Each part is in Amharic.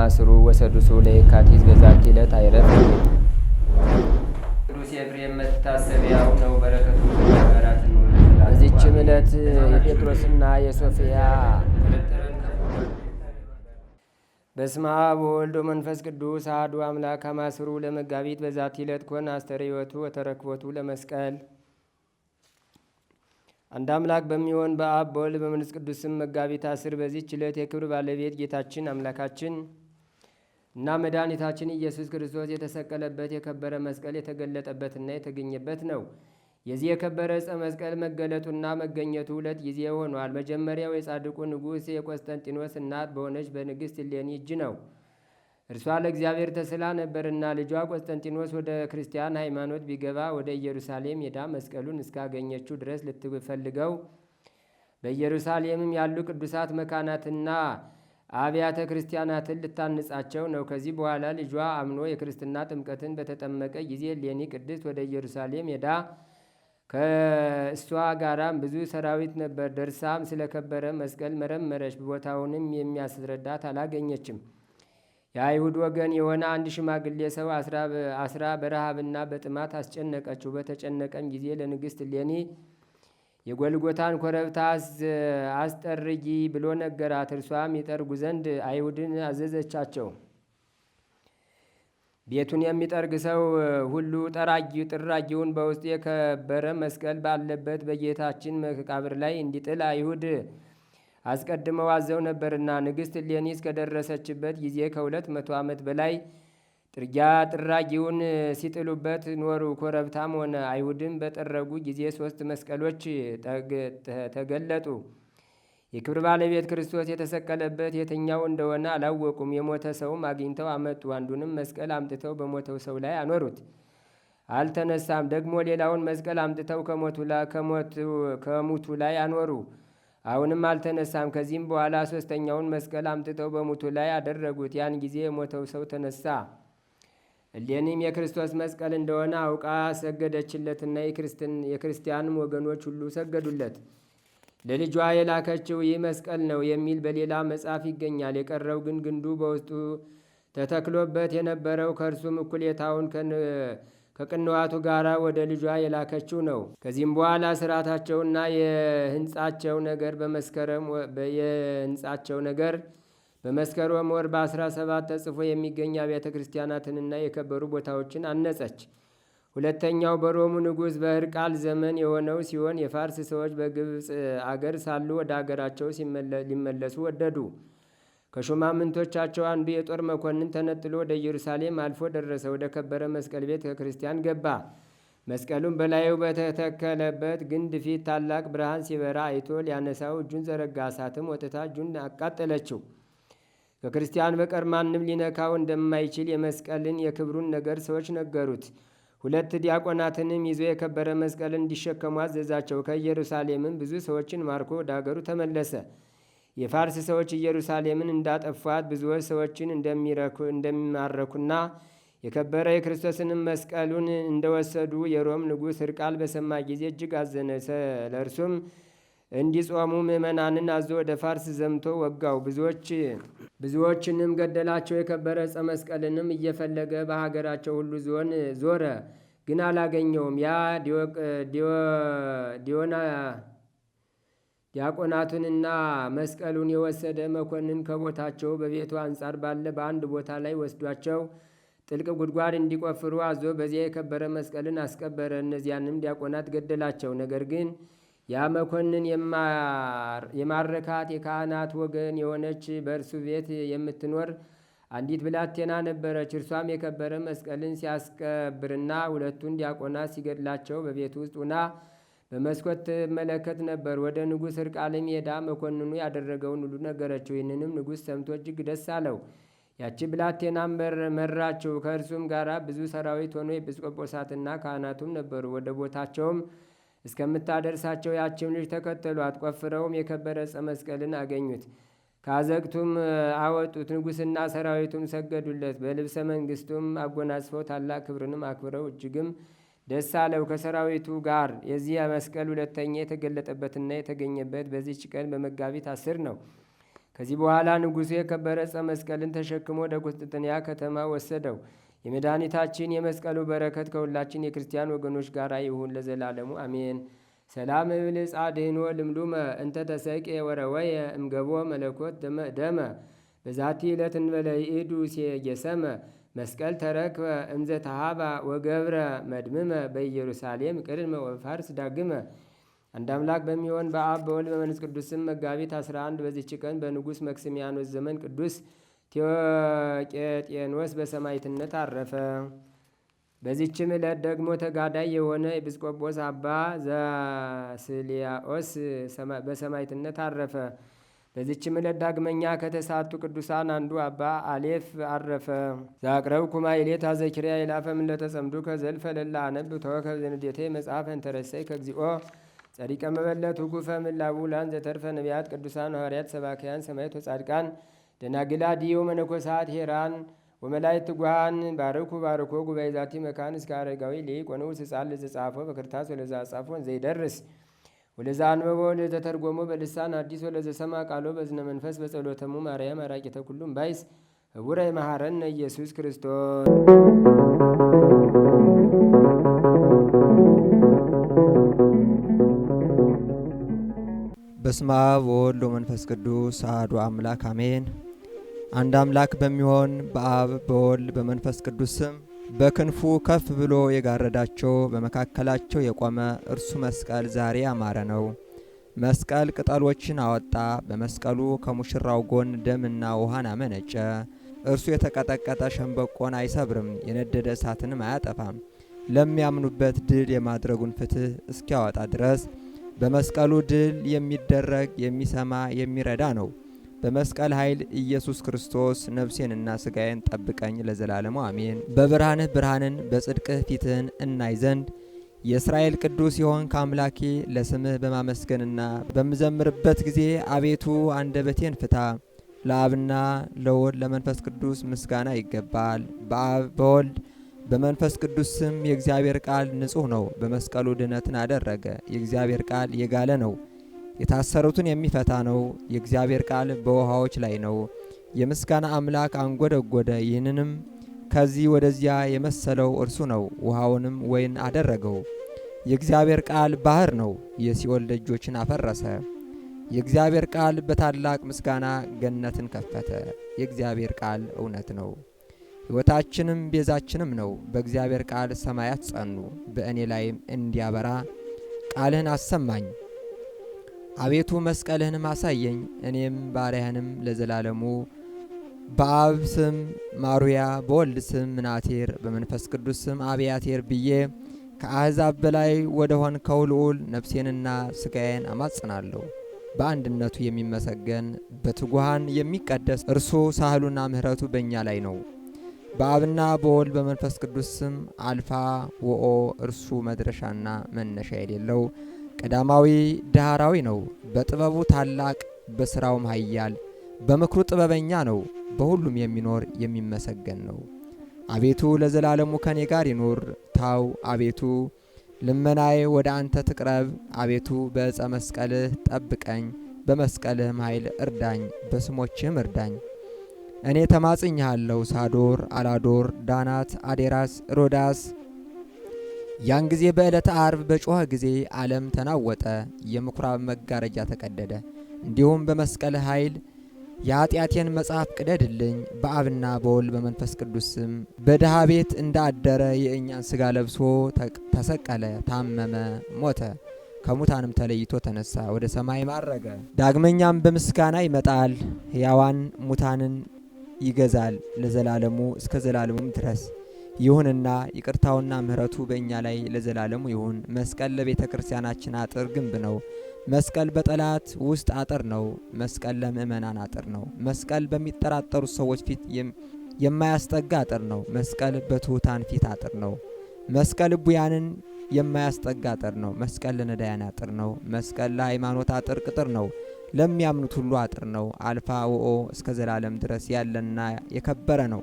ማስሩ ወሰዱሱ ለየካቲት በዛቲ ዕለት አይረፍ። ቅዱስ ኤፍሬም መታሰቢያው ነው። በረከቱ በዚችም ዕለት የጴጥሮስና የሶፊያ በስመ አብ ወወልድ ወመንፈስ ቅዱስ አሐዱ አምላክ አማስሩ ለመጋቢት በዛቲ ዕለት ኮነ አስተርእዮቱ ወተረክቦቱ ለመስቀል አንድ አምላክ በሚሆን በአብ በወልድ በመንፈስ ቅዱስም መጋቢት አስር በዚች ዕለት የክብር ባለቤት ጌታችን አምላካችን እና መድኃኒታችን ኢየሱስ ክርስቶስ የተሰቀለበት የከበረ መስቀል የተገለጠበትና የተገኘበት ነው። የዚህ የከበረ ዕፀ መስቀል መገለጡና መገኘቱ ሁለት ጊዜ ሆኗል። መጀመሪያው የጻድቁ ንጉሥ የቆስጠንጢኖስ እናት በሆነች በንግሥት እሌኒ እጅ ነው። እርሷ ለእግዚአብሔር ተስላ ነበርና ልጇ ቆስጠንጢኖስ ወደ ክርስቲያን ሃይማኖት ቢገባ ወደ ኢየሩሳሌም ሄዳ መስቀሉን እስካገኘችው ድረስ ልትፈልገው በኢየሩሳሌምም ያሉ ቅዱሳት መካናትና አብያተ ክርስቲያናትን ልታንጻቸው ነው። ከዚህ በኋላ ልጇ አምኖ የክርስትና ጥምቀትን በተጠመቀ ጊዜ ሌኒ ቅድስት ወደ ኢየሩሳሌም ሄዳ ከእሷ ጋራም ብዙ ሰራዊት ነበር። ደርሳም ስለከበረ መስቀል መረመረች፣ ቦታውንም የሚያስረዳት አላገኘችም። የአይሁድ ወገን የሆነ አንድ ሽማግሌ ሰው አስራ በረሃብና በጥማት አስጨነቀችው። በተጨነቀም ጊዜ ለንግሥት ሌኒ። የጎልጎታን ኮረብታ አስጠርጊ ብሎ ነገራት። እርሷም ይጠርጉ ዘንድ አይሁድን አዘዘቻቸው። ቤቱን የሚጠርግ ሰው ሁሉ ጠራጊ ጥራጊውን በውስጡ የከበረ መስቀል ባለበት በጌታችን መቃብር ላይ እንዲጥል አይሁድ አስቀድመው አዘው ነበርና ንግሥት ሌኒስ ከደረሰችበት ጊዜ ከሁለት መቶ ዓመት በላይ ጥርጊያ ጥራጊውን ሲጥሉበት ኖሩ። ኮረብታም ሆነ አይሁድም በጠረጉ ጊዜ ሶስት መስቀሎች ተገለጡ። የክብር ባለቤት ክርስቶስ የተሰቀለበት የትኛው እንደሆነ አላወቁም። የሞተ ሰውም አግኝተው አመጡ። አንዱንም መስቀል አምጥተው በሞተው ሰው ላይ አኖሩት፣ አልተነሳም። ደግሞ ሌላውን መስቀል አምጥተው ከሙቱ ላይ አኖሩ፣ አሁንም አልተነሳም። ከዚህም በኋላ ሶስተኛውን መስቀል አምጥተው በሙቱ ላይ አደረጉት። ያን ጊዜ የሞተው ሰው ተነሳ። እሌኒም የክርስቶስ መስቀል እንደሆነ አውቃ ሰገደችለትና የክርስቲያንም ወገኖች ሁሉ ሰገዱለት። ለልጇ የላከችው ይህ መስቀል ነው የሚል በሌላ መጽሐፍ ይገኛል። የቀረው ግን ግንዱ በውስጡ ተተክሎበት የነበረው ከእርሱም እኩሌታውን ከቅንዋቱ ጋር ወደ ልጇ የላከችው ነው። ከዚህም በኋላ ስርዓታቸውና የህንጻቸው ነገር በመስከረም የህንጻቸው ነገር በመስከረም ወር በአስራ ሰባት ተጽፎ የሚገኝ አብያተ ክርስቲያናትንና የከበሩ ቦታዎችን አነጸች። ሁለተኛው በሮሙ ንጉሥ በህርቃል ዘመን የሆነው ሲሆን የፋርስ ሰዎች በግብፅ አገር ሳሉ ወደ አገራቸው ሊመለሱ ወደዱ። ከሹማምንቶቻቸው አንዱ የጦር መኮንን ተነጥሎ ወደ ኢየሩሳሌም አልፎ ደረሰ። ወደ ከበረ መስቀል ቤተ ክርስቲያን ገባ። መስቀሉን በላዩ በተተከለበት ግንድ ፊት ታላቅ ብርሃን ሲበራ አይቶ ሊያነሳው እጁን ዘረጋ። እሳትም ወጥታ እጁን አቃጠለችው። ከክርስቲያን በቀር ማንም ሊነካው እንደማይችል የመስቀልን የክብሩን ነገር ሰዎች ነገሩት። ሁለት ዲያቆናትንም ይዞ የከበረ መስቀልን እንዲሸከሙ አዘዛቸው። ከኢየሩሳሌምም ብዙ ሰዎችን ማርኮ ወደ አገሩ ተመለሰ። የፋርስ ሰዎች ኢየሩሳሌምን እንዳጠፏት ብዙዎች ሰዎችን እንደሚማረኩና የከበረ የክርስቶስንም መስቀሉን እንደወሰዱ የሮም ንጉሥ እርቃል በሰማ ጊዜ እጅግ አዘነሰ። ለእርሱም እንዲጾሙ ምእመናንን አዞ ወደ ፋርስ ዘምቶ ወጋው። ብዙዎች ብዙዎችንም ገደላቸው። የከበረ ዕፀ መስቀልንም እየፈለገ በሀገራቸው ሁሉ ዞን ዞረ፣ ግን አላገኘውም። ያ ዲዮና ዲያቆናቱንና መስቀሉን የወሰደ መኮንን ከቦታቸው በቤቱ አንጻር ባለ በአንድ ቦታ ላይ ወስዷቸው ጥልቅ ጉድጓድ እንዲቆፍሩ አዞ በዚያ የከበረ መስቀልን አስቀበረ። እነዚያንም ዲያቆናት ገደላቸው። ነገር ግን ያ መኮንን የማረካት የካህናት ወገን የሆነች በእርሱ ቤት የምትኖር አንዲት ብላቴና ነበረች። እርሷም የከበረ መስቀልን ሲያስቀብርና ሁለቱን ዲያቆናት ሲገድላቸው በቤት ውስጥ ሁና በመስኮት ትመለከት ነበር። ወደ ንጉሥ እርቃልም ሄዳ መኮንኑ ያደረገውን ሁሉ ነገረችው። ይህንንም ንጉሥ ሰምቶ እጅግ ደስ አለው። ያቺ ብላቴናም መራችው። ከእርሱም ጋር ብዙ ሰራዊት ሆኖ ኤጲስቆጶሳትና ካህናቱም ነበሩ። ወደ ቦታቸውም እስከምታደርሳቸው ያችም ልጅ ተከተሏት። ቆፍረውም የከበረ ዕፀ መስቀልን አገኙት። ካዘግቱም አወጡት። ንጉሥና ሰራዊቱም ሰገዱለት። በልብሰ መንግስቱም አጎናጽፈው ታላቅ ክብርንም አክብረው እጅግም ደስ አለው። ከሰራዊቱ ጋር የዚህ መስቀል ሁለተኛ የተገለጠበትና የተገኘበት በዚች ቀን በመጋቢት አስር ነው። ከዚህ በኋላ ንጉሱ የከበረ ዕፀ መስቀልን ተሸክሞ ወደ ቁስጥንጥንያ ከተማ ወሰደው። የመድኃኒታችን የመስቀሉ በረከት ከሁላችን የክርስቲያን ወገኖች ጋር ይሁን ለዘላለሙ አሜን። ሰላም እብልጽ ጻድህኖ ልምሉመ እንተ ተሰቄ ወረወየ እምገቦ መለኮት ደመ በዛቲ ዕለት እንበለይእዱ ሴየሰመ መስቀል ተረክበ ተሃባ ወገብረ መድምመ በኢየሩሳሌም ቅድመ ወፋርስ ዳግመ። አንድ አምላክ በሚሆን በአብ በወልድ በመንፈስ ቅዱስም መጋቢት 11 በዚች ቀን በንጉሥ መክስሚያኖስ ዘመን ቅዱስ ቴዎቄጤኖስ በሰማይትነት አረፈ። በዚችም ዕለት ደግሞ ተጋዳይ የሆነ ኤጲስቆጶስ አባ ዘስልያኦስ በሰማይትነት አረፈ። በዚችም ዕለት ዳግመኛ ከተሳቱ ቅዱሳን አንዱ አባ አሌፍ አረፈ። ዛቅረብ ኩማ ኢሌታ ዘኪርያ ይላፈም ለተጸምዱ ከዘልፈ ለላ አነብ ተወከብ ዘንዴቴ መጽሐፈ እንተረሰይ ከግዚኦ ጸሪቀ መበለት ውጉፈ ምላቡላን ዘተርፈ ነቢያት ቅዱሳን ሐዋርያት ሰባክያን ሰማይት ወጻድቃን ደናግላ ዲዮ መነኮሳት ሄራን ወመላእክት ጓን ባርኩ ባርኮ ጉባኤ ዛቲ መካን እስከ አረጋዊ ሊቅ ወንዑስ ሕፃን ለዘጻፎ በክርታስ ወለዛ ጻፎን ዘይደርስ ወለዛ አንበቦ ለዘተርጎሞ በልሳን አዲስ ወለዘሰማ ቃሎ በዝነ መንፈስ በጸሎተሙ ማርያም አራቂተ ኩሉም ባይስ ህቡረ መሐረነ ኢየሱስ ክርስቶስ በስመ አብ ወወልድ ወመንፈስ ቅዱስ አሐዱ አምላክ አሜን። አንድ አምላክ በሚሆን በአብ በወልድ በመንፈስ ቅዱስ ስም በክንፉ ከፍ ብሎ የጋረዳቸው በመካከላቸው የቆመ እርሱ መስቀል ዛሬ ያማረ ነው። መስቀል ቅጠሎችን አወጣ። በመስቀሉ ከሙሽራው ጎን ደምና ውሃን አመነጨ። እርሱ የተቀጠቀጠ ሸንበቆን አይሰብርም፣ የነደደ እሳትንም አያጠፋም። ለሚያምኑበት ድል የማድረጉን ፍትህ እስኪያወጣ ድረስ በመስቀሉ ድል የሚደረግ የሚሰማ የሚረዳ ነው። በመስቀል ኃይል ኢየሱስ ክርስቶስ ነፍሴንና ስጋዬን ጠብቀኝ ለዘላለሙ አሜን። በብርሃንህ ብርሃንን በጽድቅህ ፊትህን እናይ ዘንድ የእስራኤል ቅዱስ የሆን ከአምላኬ ለስምህ በማመስገንና በምዘምርበት ጊዜ አቤቱ አንደበቴን ፍታ። ለአብና ለወልድ ለመንፈስ ቅዱስ ምስጋና ይገባል። በአብ በወልድ በመንፈስ ቅዱስ ስም የእግዚአብሔር ቃል ንጹሕ ነው። በመስቀሉ ድህነትን አደረገ። የእግዚአብሔር ቃል የጋለ ነው የታሰሩትን የሚፈታ ነው። የእግዚአብሔር ቃል በውሃዎች ላይ ነው። የምስጋና አምላክ አንጎደጎደ፣ ይህንንም ከዚህ ወደዚያ የመሰለው እርሱ ነው። ውሃውንም ወይን አደረገው። የእግዚአብሔር ቃል ባህር ነው፣ የሲኦል ደጆችን አፈረሰ። የእግዚአብሔር ቃል በታላቅ ምስጋና ገነትን ከፈተ። የእግዚአብሔር ቃል እውነት ነው፣ ሕይወታችንም ቤዛችንም ነው። በእግዚአብሔር ቃል ሰማያት ጸኑ፣ በእኔ ላይም እንዲያበራ ቃልህን አሰማኝ። አቤቱ መስቀልህን አሳየኝ። እኔም ባሪያህንም ለዘላለሙ በአብ ስም ማሩያ በወልድ ስም ምናቴር በመንፈስ ቅዱስ ስም አብያቴር ብዬ ከአሕዛብ በላይ ወደ ሆንከው ልዑል ነፍሴንና ስጋዬን አማጽናለሁ። በአንድነቱ የሚመሰገን በትጉሃን የሚቀደስ እርሱ ሳህሉና ምሕረቱ በእኛ ላይ ነው። በአብና በወልድ በመንፈስ ቅዱስ ስም አልፋ ወኦ እርሱ መድረሻና መነሻ የሌለው ቀዳማዊ ዳህራዊ ነው። በጥበቡ ታላቅ፣ በሥራውም ኃያል፣ በምክሩ ጥበበኛ ነው። በሁሉም የሚኖር የሚመሰገን ነው። አቤቱ ለዘላለሙ ከኔ ጋር ይኑር። ታው አቤቱ ልመናዬ ወደ አንተ ትቅረብ። አቤቱ በእፀ መስቀልህ ጠብቀኝ፣ በመስቀልህም ኃይል እርዳኝ፣ በስሞችህም እርዳኝ። እኔ ተማጽኝሃለሁ። ሳዶር፣ አላዶር፣ ዳናት፣ አዴራስ፣ ሮዳስ ያን ጊዜ በዕለተ አርብ በጮኸ ጊዜ ዓለም ተናወጠ፣ የምኩራብ መጋረጃ ተቀደደ። እንዲሁም በመስቀል ኃይል የኃጢአቴን መጽሐፍ ቅደድልኝ፣ በአብና በወልድ በመንፈስ ቅዱስ ስም በድሃ ቤት እንዳደረ የእኛን ሥጋ ለብሶ ተሰቀለ፣ ታመመ፣ ሞተ። ከሙታንም ተለይቶ ተነሳ፣ ወደ ሰማይ ማረገ። ዳግመኛም በምስጋና ይመጣል፣ ሕያዋን ሙታንን ይገዛል፣ ለዘላለሙ እስከ ዘላለሙም ድረስ ይሁንና ይቅርታውና ምሕረቱ በእኛ ላይ ለዘላለሙ ይሁን። መስቀል ለቤተ ክርስቲያናችን አጥር ግንብ ነው። መስቀል በጠላት ውስጥ አጥር ነው። መስቀል ለምእመናን አጥር ነው። መስቀል በሚጠራጠሩት ሰዎች ፊት የማያስጠጋ አጥር ነው። መስቀል በትሑታን ፊት አጥር ነው። መስቀል እቡያንን የማያስጠጋ አጥር ነው። መስቀል ለነዳያን አጥር ነው። መስቀል ለሃይማኖት አጥር ቅጥር ነው። ለሚያምኑት ሁሉ አጥር ነው። አልፋ ወኦ እስከ ዘላለም ድረስ ያለና የከበረ ነው።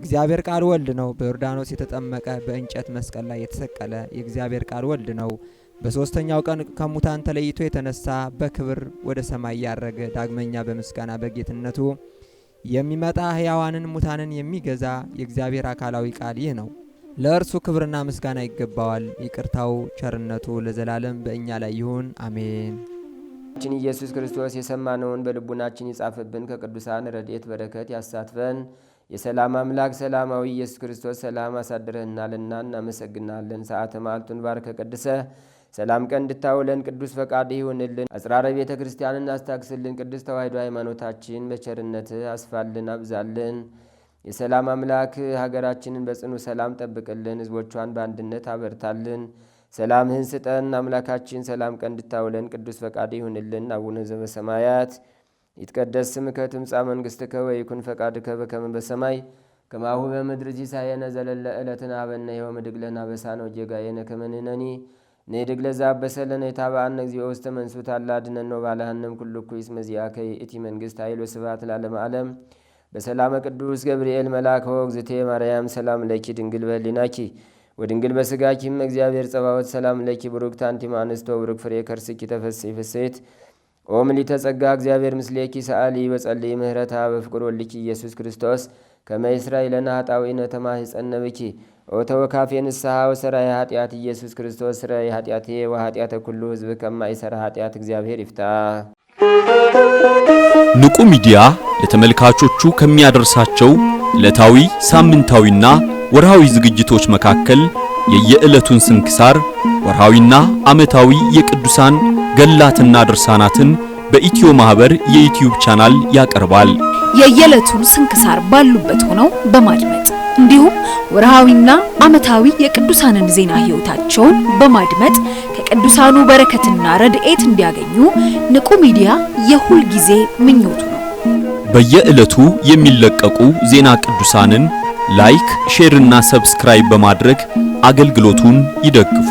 እግዚአብሔር ቃል ወልድ ነው። በዮርዳኖስ የተጠመቀ በእንጨት መስቀል ላይ የተሰቀለ የእግዚአብሔር ቃል ወልድ ነው። በሦስተኛው ቀን ከሙታን ተለይቶ የተነሳ በክብር ወደ ሰማይ ያረገ ዳግመኛ በምስጋና በጌትነቱ የሚመጣ ሕያዋንን ሙታንን የሚገዛ የእግዚአብሔር አካላዊ ቃል ይህ ነው። ለእርሱ ክብርና ምስጋና ይገባዋል። ይቅርታው ቸርነቱ ለዘላለም በእኛ ላይ ይሁን አሜን። ችን ኢየሱስ ክርስቶስ የሰማነውን በልቡናችን ይጻፍብን፣ ከቅዱሳን ረድኤት በረከት ያሳትፈን። የሰላም አምላክ ሰላማዊ ኢየሱስ ክርስቶስ ሰላም አሳድረህናልና እናመሰግናለን። ሰዓተ ማልቱን ባርከ ቀድሰ ሰላም ቀን እንድታውለን ቅዱስ ፈቃድ ይሁንልን። አጽራረ ቤተ ክርስቲያን እናስታክስልን። ቅዱስ ተዋሕዶ ሃይማኖታችን በቸርነት አስፋልን፣ አብዛልን። የሰላም አምላክ ሀገራችንን በጽኑ ሰላም ጠብቅልን፣ ህዝቦቿን በአንድነት አበርታልን። ሰላምህን ስጠን አምላካችን። ሰላም ቀን እንድታውለን ቅዱስ ፈቃድ ይሁንልን። አቡነ ዘበሰማያት ይትቀደስ ስምከ ትምጻእ መንግሥትከ ወይኩን ፈቃድከ በከመ በሰማይ ከማሁ በምድር ሲሳየነ ዘለለ ዕለትነ ሀበነ ዮም ወኅድግ ለነ አበሳነ ወጌጋየነ ከመ ንሕነኒ ንኅድግ ለዘአበሰ ለነ የታብአነ እግዚኦ ውስተ መንሱት አላ አድኅነነ ወባልሐንም ኩሉ እኩይ እስመ ዚአከ ይእቲ መንግሥት ኃይል ወስብሐት ለዓለመ ዓለም በሰላመ ቅዱስ ገብርኤል መልአክ ሆ እግዝእቴ ማርያም ሰላም ለኪ ድንግል በኅሊናኪ ወድንግል በስጋኪም እግዚአብሔር ጸባወት ሰላም ለኪ ቡርክት አንቲ እምአንስቶ ቡሩክ ፍሬ ከርስኪ ተፈሥሒ ፍሥሕት ኦም ሊተጸጋ እግዚአብሔር ምስሌኪ ሰአሊ በጸልይ ምህረታ በፍቅር ወልኪ ኢየሱስ ክርስቶስ ከመ ይስራይ ለነ ኃጣዊነ ተማኅፀነ ብኪ ኦ ንስሓ ወሰራይ ኃጢአት ኢየሱስ ክርስቶስ ስራይ ኃጢአቴ ወኃጢአተ ኩሉ ህዝብ ከማይሰራ ኃጢአት እግዚአብሔር ይፍታ። ንቁ ሚዲያ ለተመልካቾቹ ከሚያደርሳቸው ዕለታዊ ሳምንታዊና ወርሃዊ ዝግጅቶች መካከል የየዕለቱን ስንክሳር ወርሃዊና ዓመታዊ የቅዱሳን ገላትና ድርሳናትን በኢትዮ ማህበር የዩቲዩብ ቻናል ያቀርባል። የየዕለቱን ስንክሳር ባሉበት ሆነው በማድመጥ እንዲሁም ወርሃዊና ዓመታዊ የቅዱሳንን ዜና ህይወታቸውን በማድመጥ ከቅዱሳኑ በረከትና ረድኤት እንዲያገኙ ንቁ ሚዲያ የሁል ጊዜ ምኞቱ ነው። በየዕለቱ የሚለቀቁ ዜና ቅዱሳንን ላይክ፣ ሼርና ሰብስክራይብ በማድረግ አገልግሎቱን ይደግፉ።